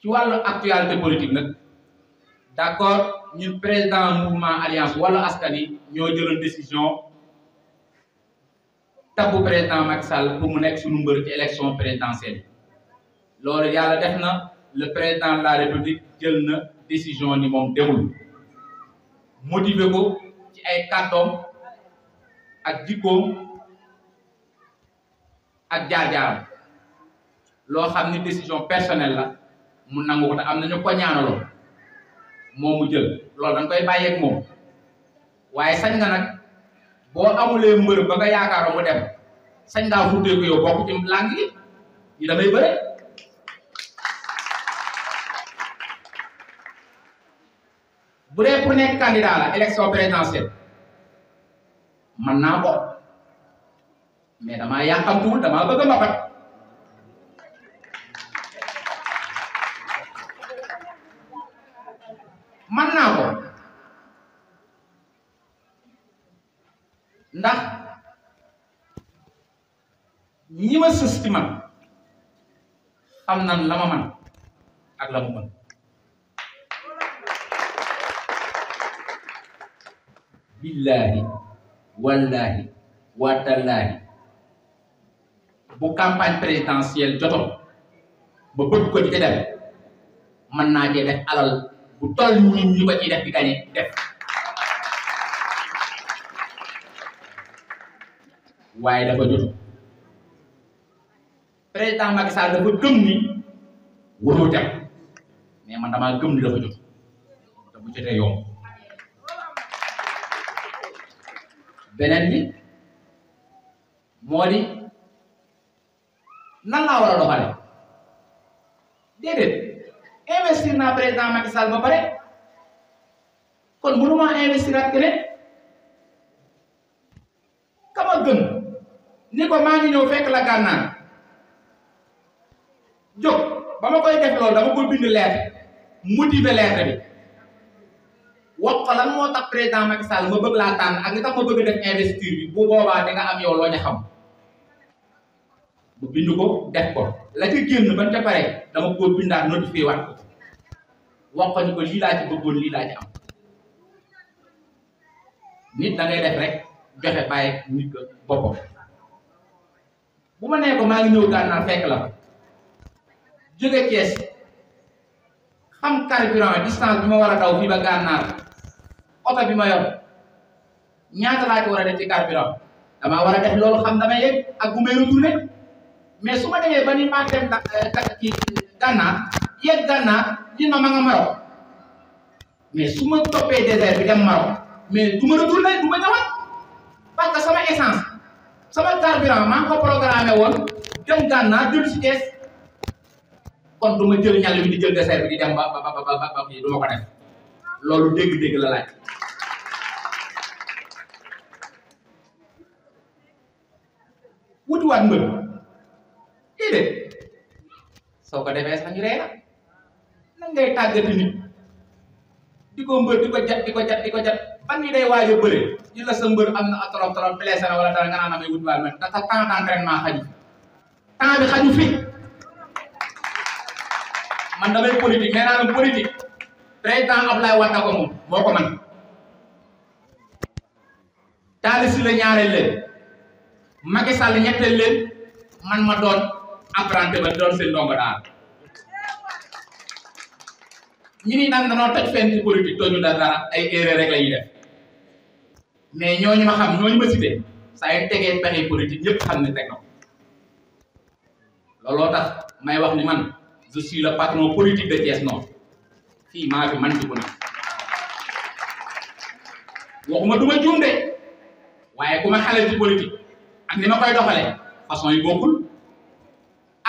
ci wàllu actualité politique nag d' accord ñun président mouvement alliance wàllu askan yi ñoo jëloon décision tabbu président Macky Sall pour mu nekk suñu mbër ci élection présidentielle loolu yàlla def na le président de la république jël na décision ni moom demul motivé ko ci ay kàddoom ak jikkoom ak jaar loo xam ni décision personnel la mu nangu ko am na ñu ko ñaanaloon moom mu jël loolu dañ koy bàyyeeg moom waaye sañ nga nag boo amulee mbër ba nga yaakaaroo mu dem sañ ngaa fuddee ko yow bokk ci làng damay bëre bu dee pour nekk candidat la élection présidentielle man naa bokk mais damaa yàqamtuwul damaa bëgg a mbapat mën naa ko ndax ñi ma sës ci man xam nan la ma man ak la mu mën billaahi wallaahi watallaahi bu campagne présidentielle jotoon ba bëgg ko ci dem mën naa cee alal bu toll nii ñu ko ciy def di gañe def waaye dafa jot président Macky Sall dafa gëm ni waroo dem mais man damaa gëm ni dafa jot te bu jotee yomb di nan laa war a doxale investir naa président Macky Sall ba pare kon mënuma investir ak keneen kama gën ni ko maa ngi ñëw fekk la gànnaan jóg ba ma koy def loolu dama ko bind lettre motiver lettre bi wax ko lan moo tax président Macky Sall ma bëgg laa tànn ak li tax ma bëgg def investiture bi bu boobaa di nga am yow loo ñu xam bu bind ko def ko la ca génn ban ca pare dama ko bindaat notifié waat wax ko ko lii laa ci bëggoon lii laa ci am nit da def rek joxe bàyyi nit ko bu ma nee ko maa ngi ñëw gànnaar fekk la jóge Thiès xam carburant distance bi ma war a daw fii ba gànnaar oto bi ma yor ñaata laa ci war a def ci carburant damaa war a def loolu xam damay yegg ak bu may retourné mais su ma demee ba ni maa dem eh, da kii Ghana yegg Ghana dina ma nga Maroc mais su ma toppee désert bi dem Maroc mais du ma retourné du ma ñëwaat parce que sama essence sama carburant maa ngi ko programmé woon dem Ghana jël si kees kon du ma jël ñàll bi di jël désert bi di dem ba ba ba ba ba kii du ko def loolu dégg-dégg la laaj. wutiwaat mbër. déedéet soo ko defee sax ñu rey la nan ngay di ko mbër ko jat di ko jat di ko jat fan yi day waaj a la sa mbër am na a trop trop blessé na wala dara nga naan amee wutwaay man ndax temps d'entraînement xaju temps bi xaju fi man damay politique nee naa la politique président Ablaye Wade ko moom moo ko man taalisi la ñaareel leen Macky ñetteel leen man ma doon apprenti ba doon seen ndongo daal ñu ni nag danoo toj fenn ci politique tooñu dal dara ay erreur rek la ñuy def mais ñooñu ma xam ñooñu ma cité saa yu tegee pexe politique ñëpp xam ne teg na ko looloo tax may wax ni man je suis patron politique de Thiès Nord fii maa fi man ci na waxuma du ma juum de waaye ku ma xale ci politique ak ni ma koy doxalee façon yi bokkul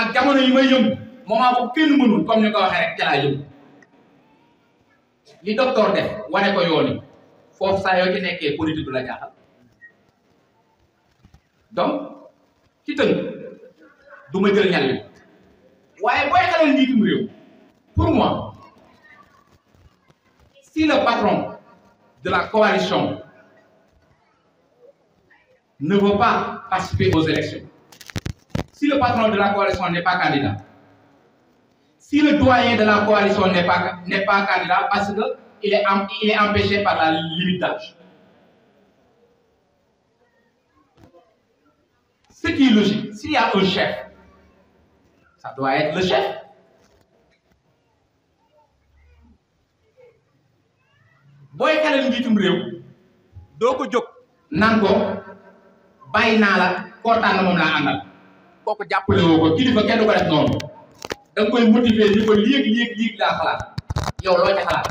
ak jamono yi may yëngu moment bu kenn mënul comme ni ko waxee rek ca laa yëngu li docteur def ko yooni foofu saa ci nekkee politique du la jaaxal donc ci tënk du ma jël ñal yi waaye booy xelal njiitum réew pour moi si le patron de la coalition ne veut pas participer aux élections si le patron de la coalition n'est pas candidat si le doyen de la coalition n'est pas n'est parce que il est empêché par la limite d'âge ce qui est logique s'il un chef ça doit être le chef booy xelal njiitum réew doo ko jóg naan ko bàyyi naa la kontaan na moom laa àndal kooku jàppale woo ko kilifa kenn du ko def noonu da nga koy motiver ni ko léeg léeg léeg laa xalaat yow loo ci xalaat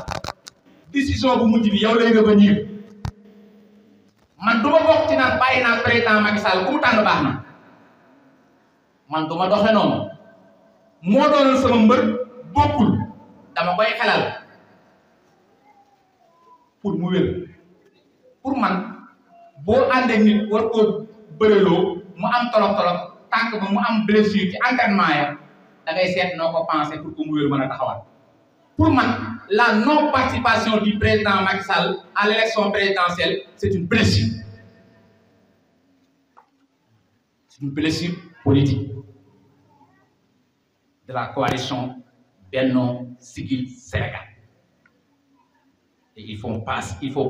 décision bu mujj bi yow man du ma bokk ci naan bàyyi naa président Macky Sall ku mu tànn baax na man du ma doxe noonu moo doonal sama mbër bokkul dama koy xelal pour mu wér pour man boo àndee nit war koo bëreloo mu am tolof tolof tànk ba mu am blessure ci entraînement ya da ngay seet noo ko pour que mu wér a taxawal pour man la non participation du président Macky Sall à élection présidentielle c' est une blessure c' politique de la coalition Benno Siggil Sénégal et il faut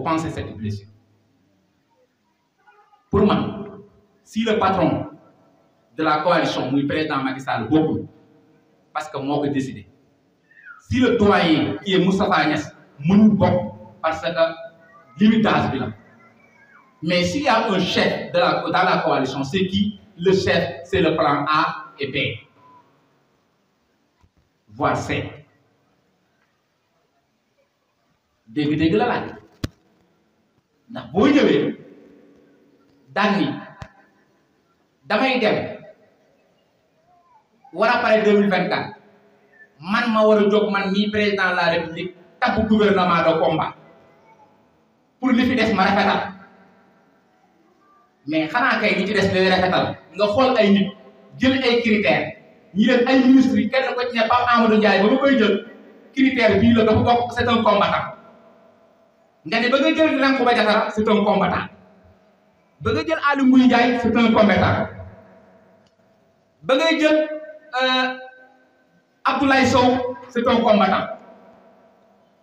passe cette blessure pour man si le patron de la coalition muy président Macky Sall bokkul parce que moo ko décidé si le doyen qui est Moustapha Niass mënul bokk parce que limite d'âge bi la mais s'il y un chef de la coalition c'est qui le chef c'est le plan A et B voire C dégg la laaj ndax boo ñëwee daan ni damay dem war a pare 2024 man ma war a jóg man mii président la république tabb gouvernement de combat pour li fi des ma rafetal mais xanaa kay li ci des lay rafetal nga xool ay nit jël ay critères ñi def ay ministres yi kenn ko ci ne Pape Amadou Ndiaye ba ma koy jël critère bii la dafa bokk c'est nga ne ba nga jël Ranko Badiatara c'est un combattant ba nga jël Aly Ngouille Ndiaye c'est un combattant ba ngay jël. Euh, Abdoulaye Sow c'est un combattant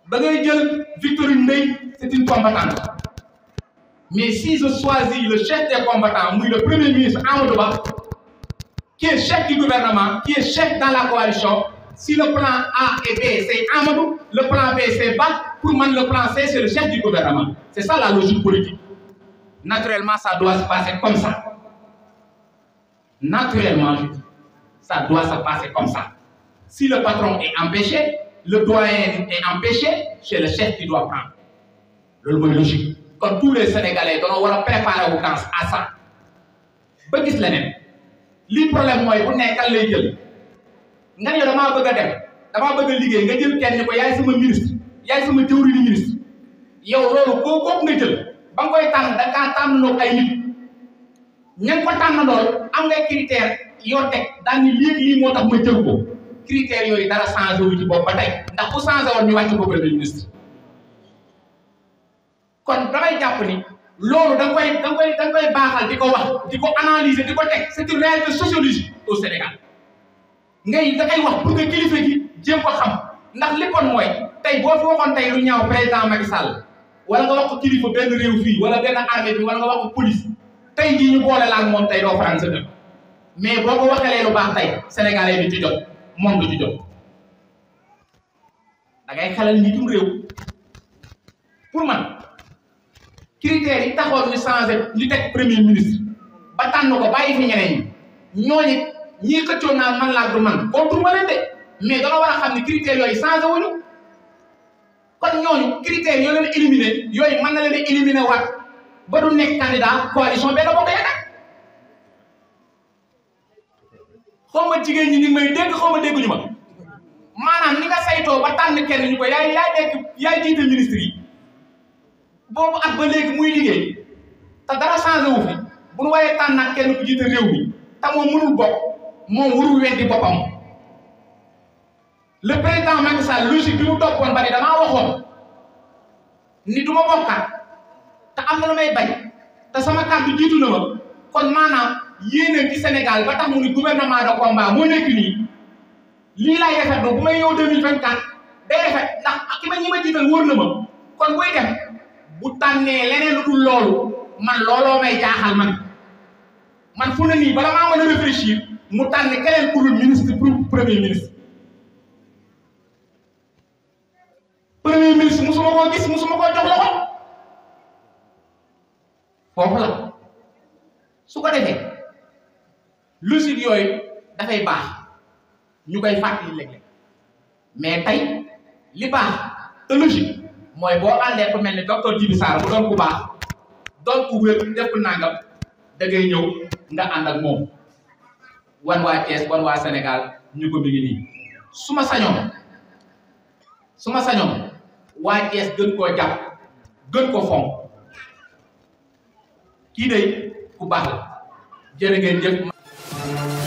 ba ngay jël Victorine Ndeye c'est une combattante mais si je choisis le chef des combattants muy le premier ministre Amadou Ba qui chef du gouvernement qui chef dans la coalition si le plan A et B c'est Amadou le plan Ba pour man le plan C c'est le chef du gouvernement c'est ça la logique politique naturellement ça doit passer comme ça naturellement ça doit se passer comme ça. Si le patron est empêché, le doyen est empêché, c'est le chef qui doit prendre. loolu mooy logique. kon tous les Sénégalais dañoo war a préparer wu dans à ça ba gis leneen lii problème mooy bu nekkal lay jël nga ne damaa bëgg a dem damaa bëgg a liggéey nga jël kenn ko yaay sama ministre yaay sama jëwriñu ministre yow loolu koo kooku nga jël ba nga koy tànn da ngaa tànnandoo ay nit ña nga ko tànnandoo am ngay critère yoon teg daal ni lii lii moo tax ma jël ko critères yooyu dara changé wu ci bopp ba tey ndax bu changé woon ñu wàcc ko premier ministre kon damay jàpp ni loolu da nga koy da nga koy da baaxal di ko wax di ko analyser di ko teg c'est une réalité sociologique au Sénégal ngay da koy wax pour que kilifa gi jéem ko xam ndax léppoon mooy tey boo fi waxoon tey lu ñaaw président Macky Sall wala nga wax ko kilifa benn réew fii wala benn armée bi wala nga wax ko police tey jii ñu boole la moom tey doo faral mais boo ko waxalee lu baax tey sénégalais bi ci jóg moom du ci jóg da ngay xelal njiitum réew pour man critères yi taxoon ñu changé ñu teg premier ministre ba tànn ko bàyyi fi ñeneen ñi ñooñu ñii xëccoo naa man laa du man koo turma leen de mais da nga war a xam ni critères yooyu changé wuñu kon ñooñu critères yoo na éliminé yooyu man na leen a éliminé waat ba du nekk candidat coalition Benno Bokk Yaakaar xaw ma jigéen ñi ñu may dégg xaw ma ñu ma maanaam ni nga saytoo ba tànn kenn ñu ko yaay yaay nekk yaay jiite ministre yi boobu at ba léegi muy liggéey te dara changé wu fi bu nu waaye tànn ak kenn ku jiite réew mi te moom mënul bokk moom warul weddi boppam le président Macky Sall logique bi mu toppoon bari dama waxoon ni du ma bokkaat te am na lu may bañ te sama kàddu jiitu na ma kon maanaam. yéenam ci Sénégal ba tax mu ni gouvernement de combat moo nekk nii lii laay defet ba bu may ñëw 2024 day defet ndax ak ki ma ñi ma jiital wóor na ma kon buy def bu tànnee leneen lu dul loolu man looloo may jaaxal man man fu ne nii bala maa mën a réfléchir mu tànn keneen ku dul ministre premier ministre premier ministre musuma koo gis suma koo jox loxo foofu la su ko defee logique yooyu dafay baax ñu koy fàttali léeg-léeg mais tey li baax te logique mooy boo àndee ku mel ni docteur Djibi Sarr bu doon ku baax doon ku wér ku nangam da ñëw nga ànd ak moom wan waa Thiès wan waa Sénégal ñu ko mi nii su ma sañoon su ma sañoon waa Thiès gën koo jàpp gën ko fonk kii day ku baax la jërë ngeen jëf Thank you.